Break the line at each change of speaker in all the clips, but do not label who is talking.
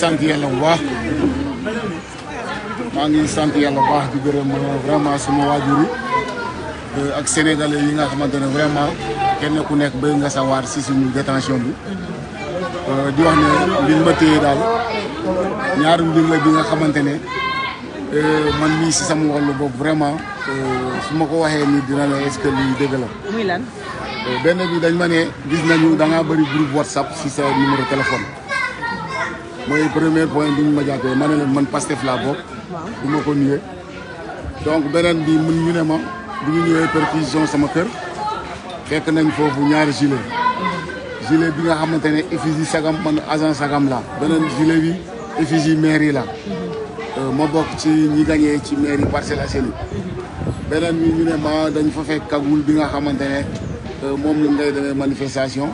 sant yàlla bu baax maa ngi sant yàlla bu baax di gërëm vraiment suma waajur yi euh, ak sénégalais yi nga xamante ne vraiment kenn ku nekk bëgg nga sawaar si suñu détention bi euh, di wax ne mbir ma téye daal ñaari mbir la bi nga xamante ne euh, man mii si sama wàllu boobu vraiment su ma ko waxee nii dina la est-ce que la. benn bi dañ ma ne gis nañu da ngaa bëri groupe WhatsApp si sa numéro téléphone. mooy premier point bi ñu ma jàppee ma ne leen man Pastef laa bokk. du ma ko donc beneen bi mun ñu ne ma bu ñu ñëwee perquisition sama kër fekk nañ foofu ñaari gilet mm-hmm. gilet bi nga xamante ne effigie sagam man agent sagam la beneen gilet bi effigie mairie la mm-hmm. euh, ma bokk ci ñi gañee ci mairie Parcelles Assainies beneen bi ñu ne ma dañ fa fekk kagul bi nga xamante ne euh, moom lañ ngay demee manifestation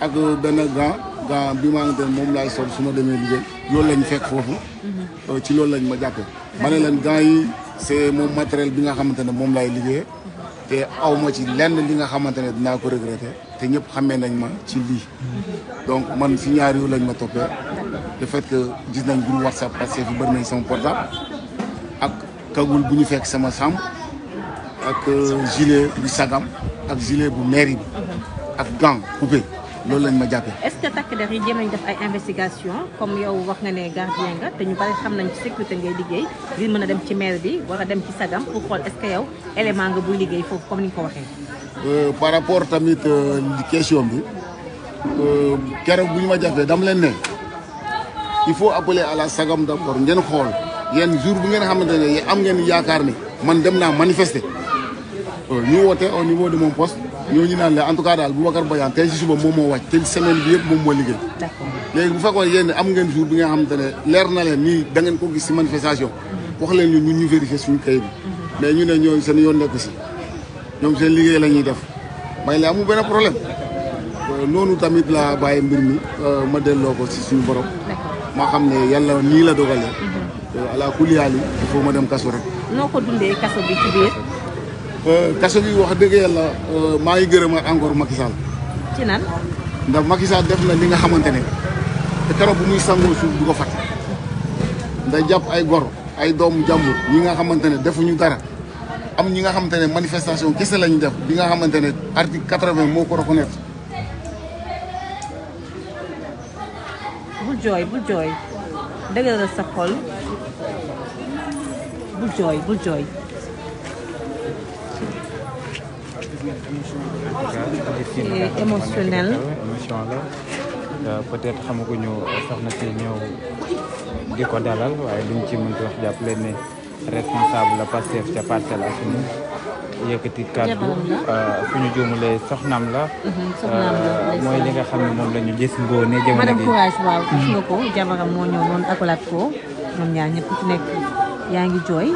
ak euh, benn gant gant bi maa ngi moom laay sol su ma demee liggéey loolu lañ fekk foofu mhm. euh, ci loolu lañ ma jàppee ma ne leen gant yi c'est moom matériel bi nga xamante ne moom laay liggéey te aw ma ci lenn li nga xamante ne dinaa ko regretter te ñëpp xamee nañ ma ci lii mhm. donc man si ñaar yu lañ ma toppee le fait que gis nañ groupe WhatsApp parce que fi bëri nañ sama portable ak kagul bu ñu fekk sama sàmm ak euh, gilet bu sagam ak gilet bu mairie bi mhm. ak gant coupé loolu lañ ma jàppee. est-ce que takk der yi jéem nañ def ay investigation comme yow wax nga ne gardien nga te ñu bari xam nañ ci sécurité ngay liggéey ngir mën a dem ci maire bi wala dem ci sagam pour xool est-ce que yow élément nga buy liggéey foofu comme ni nga ko waxee. Euh, par rapport tamit euh, question bi euh, keroog bu ñu ma jàppee dam leen ne il faut appeler à la sagam d'abord ngeen xool yeen jour bu ngeen xamante ne am ngeen yaakaar ni man dem naa manifester. Euh, ñu woote au niveau de mon poste ñooñu naan la en tout cas daal Boubacar Badiane tey si suba moom moo wàcc te semaine bi yëpp moom moo liggéey léegi bu fekkoon yéen am ngeen jour bi nga xam ne leer na leen nii da ngeen ko gis si manifestation wax leen ñu ñun ñu vérifier suñu kayit bi mhm. mais ñu ne ñooñu seen yoon nekk si ñoom seen liggéey la ñuy def may la amul benn problème euh, noonu tamit la bàyyi mbir mi euh, ma delloo ko si suñu borom maa xam ne yàlla nii la dogalee mhm. ala kulli haal ma dem kaso rek kaso gi wax dëgg yàlla euh, maa ngi gërëma encore Macky Sall. ci nan. ndax Macky def na li nga xamante ne te keroog bu muy sangoo suuf du ko fàtte nday jàpp ay gor ay doomu jàmbur ñi nga xamante ne defuñu dara am ñi nga xamante ne manifestation kese lañu jàpp bi nga xamante ne article quatre-vingt moo ko reconnaître. bul jooy bul jooy dëgëral sa xol bul jooy bul jooy. et émotionnel. émotion euh, la peut-être xamaguñu soxna si ñëw di ko dalal waaye luñ ci mënti wax jàpp leen responsable la Pastef ca Parcelles Assainies yëkkati kàddu euh, fu ñu juumalee soxnaam la mhm, euh, mooy li nga xam ne moom lañu ñu gis ngóone jamono madame courage waaw moo ñëw noonu akulaat ko ñoom ñaar ñëpp ci nekk yaa ngi jooy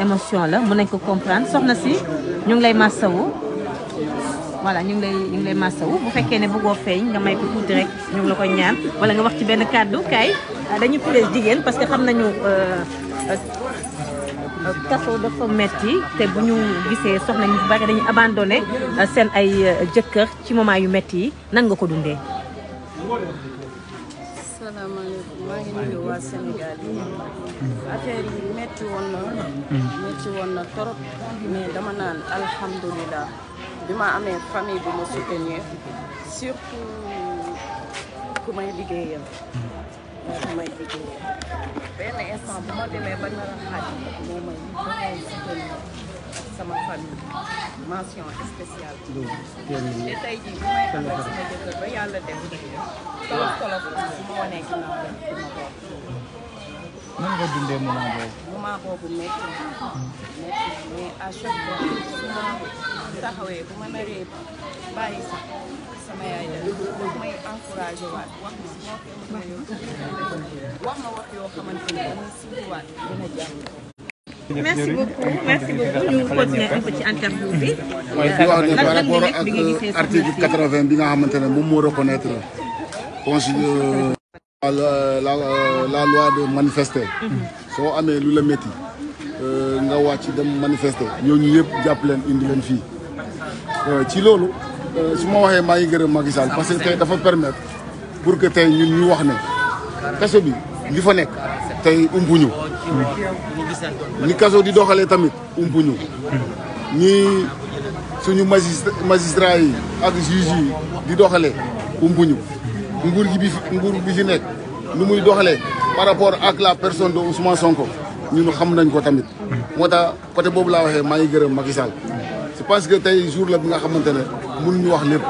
émotion la mën nañ comprendre soxna si ñu ngi lay massawu voilà ñu ngi lay ñu ngi bu fekkee ne bëggoo feeñ nga may ko tuuti rek ñu la ko ñaan wala nga wax ci benn kàddu kaay ah, dañu pilees jigéen parce que xam nañu euh, euh, euh, kaso dafa metti te bu ñu gisee soxna ñu bari dañu abandonné seen ay jëkkër ci moment yu metti yi nan ko dundee salaamaaleykum maa bi ma amee famille bu ma soutenir surtout ku may liggéeyal moo ku may liggéeyal benn instant bu ma demee ba nar a xaaj moo may ba may soutenir sama famille mention spéciale te tey jii bu may amee sama jëkkër ba yàlla def tolof tolof moo nekk naa def ma bopp nan nga dundee moment boobu. moment boobu métti na. métti na mais à chaque fois su ma taxawee bu ma naree bàyyi sax sama yaay dara daf may encouragé waat wax ma wax ma wax yoo xamante ne dañuy siiwaat dina jàmm. merci beaucoup merci beaucoup ñu continuer un peu ci interview bi. mooy par rapport ak euh, article 80 bi nga xamante ne moom moo reconnaître consul euh, La, la, la loi de manifester. Mhm. soo amee lu la métti euh, nga wàcc dem manifester ñooñu yëpp jàpp leen indi leen fii euh, ci loolu euh, su ma waxee maa ngi gërëm Macky Sall parce que tey dafa permettre pour que tey ñun ñu wax na kaso bi li fa nekk tey umpuñu ni kaso di doxalee tamit umpuñu ni suñu magistrat yi ak juge yi di doxalee umpuñu nguur gi bi nguur bi fi nekk nu muy doxalee par rapport ak la personne de Ousmane Sonko ñun xam nañ ko tamit. moo tax côté boobu laa waxee maa ngi gërëm Macky Sall. je que tey jour la bi nga xamante ne mun ñu wax lépp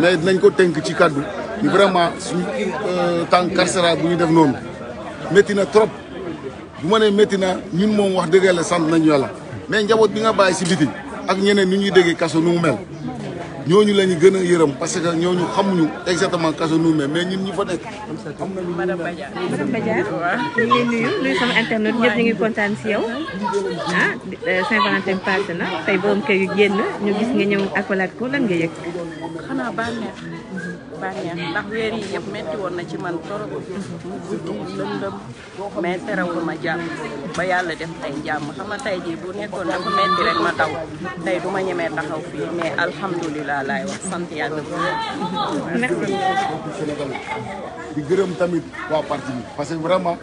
mais dinañ ko tenk ci kaddu ni vraiment suñu euh, temps carcéral bu ñu def noonu métti na trop bu ma nee na ñun moom wax dëgg yàlla sant nañu yàlla mais njaboot bi nga bàyyi si biti ak ñeneen ñu ñuy déggee kaso nu mu mel. ñooñu la ñu gën a yërëm parce que ñooñu xamuñu exactement kaso Ndoumé mais ñun ñu fa nekk. am na lu ñu madame Badiane. madame Badiane ñu ngi nuyu nuyu sama internet ñëpp kontaan si yow ah euh, Saint-Valentin passé na tey borom kër yu génn ñu gis nga ñëw akolaat ko lan nga yëg. xanaa bànneex bànneex ndax weer yi metti woon na ci man torop mu guddi lëndëm mais terewul ma jàmm ba yàlla def tey jàmm xam nga tey jii bu nekkoon dafa metti taxaw fii mais alhamdulilah laay wax sant yàlla bu di gërëm tamit waa parti parce que vraiment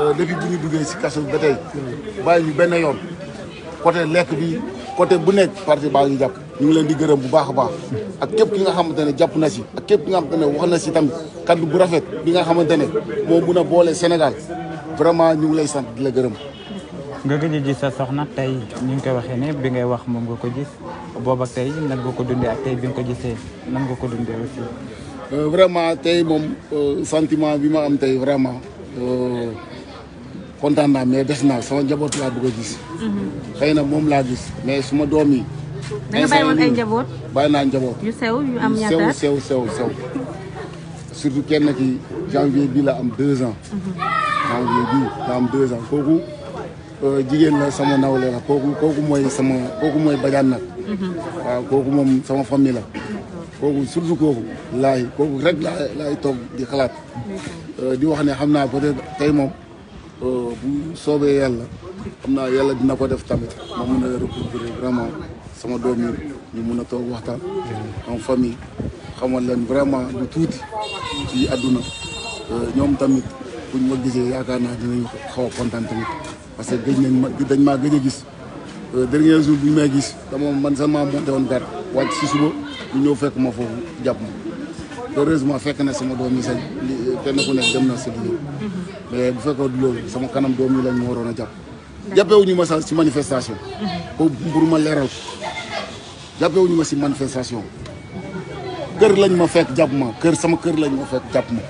euh, depuis bu ñu duggee si kaso bi ba tey bàyyi ñu benn yoon côté lekk bi côté bu nekk baa ngi jàpp ñu ngi leen di gërëm bu baax a baax ak képp ki nga xamante ne jàpp na si ak képp ki nga xamante ne wax na si tamit kaddu bu rafet bi nga xamante ne moo mun a boole Sénégal vraiment ñu ngi lay sant di la gërëm. nga gëj gis sa soxna tey ñu ngi koy waxee ne bi ngay wax moom nga ko gis booba ak tey nan nga ko dundee ak tey bi nga ko gisee nan nga ko dundee aussi. Euh, vraiment tey moom euh, sentiment bi ma am tey vraiment euh, kontaan naa mais des naa sama njaboot laa bëgg a gis. Mhm. xëy na moom laa gis mais suma doom yi. da nga bàyyi woon naa njaboot. yu sew sew sew sew surtout kenn ki janvier bi la am deux ans. janvier bi la am deux ans kooku euh, jigéen la sama nawle la kooku kooku mooy sama kooku mooy bajaan nag. waaw kooku moom sama famille la. kooku surtout kooku laay kooku rek laay toog di xalaat euh, di wax ne xam naa peut tey moom euh, bu soobee yàlla xam naa yàlla dina ko def tamit ma mën a recouvrer vraiment sama doom yi ñu mun a toog waxtaan en famille xamal leen vraiment lu tuuti ci àdduna euh, ñoom tamit buñ ma gisee yaakaar naa dinañ xaw a kontaan tamit parce que gëj nañ ma dañ maa gëj a gis euh, dernier jour bi ñu may gis dama man seulement monté woon gar wàcc si suba ñu ñëw fekk ma foofu jàpp ma heureusement fekk na sama doom yi sañ kenn ku nekk dem na sa liggéey mais bu fekkoon loolu sama kanam doom yi lañ ma waroon a jàpp jàppewuñu ma sax ci manifestation mhm. pour ma leeral jàppewuñu ma si manifestation kër lañ ma fekk jàpp ma kër sama kër lañ ma fekk jàpp ma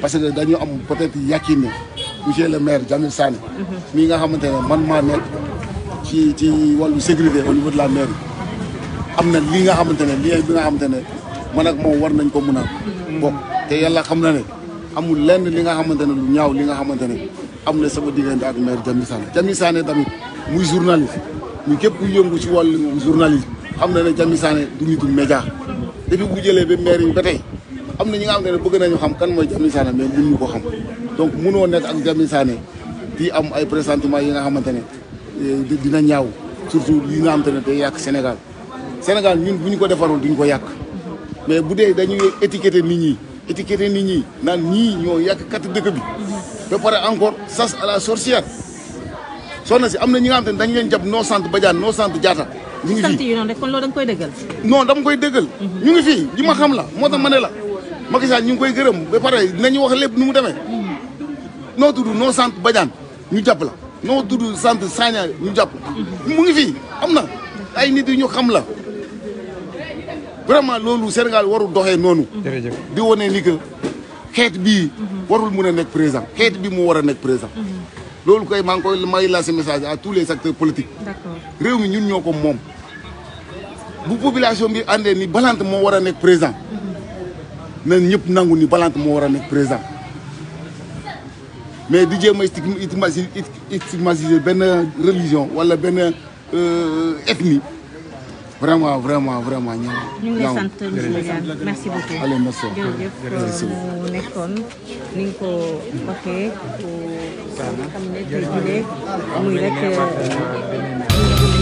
parce que dañu am peut-être yàqin ne le maire Jamil Sané mii nga xamante ne man maa ci ci wàllu sécurité au la mairie am na li nga xamante ne lien bi nga xamante ne man ak moom war nañ ko mën a bokk te yàlla xam na ne amul lenn li nga xamante ne lu ñaaw li nga xamante ne am na sama diggante ak maire Jamil Sané Jamil Sané tamit muy journaliste muy képp kuy yëngu ci wàllu journalisme am na ne Jamil Sané du nitu média depuis bu jëlee ba maire yi ba tey am na ñi nga xam ne bëgg nañu xam kan mooy Jamil Sané mais mënuñu ko xam donc mënoo nekk ak Jamil Sané di am ay pressentiment yi nga xamante ne eh, dina ñaaw surtout yi nga xamante ne day yàq Sénégal Sénégal ñun bu ñu ko defaroon duñ ko yàq mais bu dee dañuy étiqueter ni ñi étiqueter ni ñi naan ñii ñoo yàq kat dëkk bi ba pare encore sas à la sorcière soxna si am na ñi nga xam ne dañ leen jàpp noo sant Badiane noo sant Diatta ñu ngi fii rek kon loolu da nga koy dëggal. non dama koy dëggal. Mhm. ñu ngi fii li ma xam la moo tax ma ne la. Mhm. Macky Sall ñu ngi koy gërëm ba pare nañu wax lépp nu mu demee. Mhm. noo tudd noo sant Badiane ñu jàpp la noo tudd sant Sagna ñu jàpp la. mu ngi fii am na ay nit ñu xam la vraiment loolu Sénégal warul doxee noonu. di wane ni xeet bi warul mun a nekk président xeet bi mu war a nekk président. loolu kay maa ngi koy may lancer message à tous les acteurs politiques. réew mi ñun ñoo ko moom. bu population bi àndee ni Balante moo war a nekk président. na ñëpp nangu ni Balante moo war a nekk présent mais di jéem a stigmatiser benn religion wala benn euh, ethnie. vraiment vraiment vraiment ñu ñu ngi lay sant merci beaucoup allez merci jërëjëf euh, mu nekkoon ni nga ko waxee ku xam ne tey jii muy rek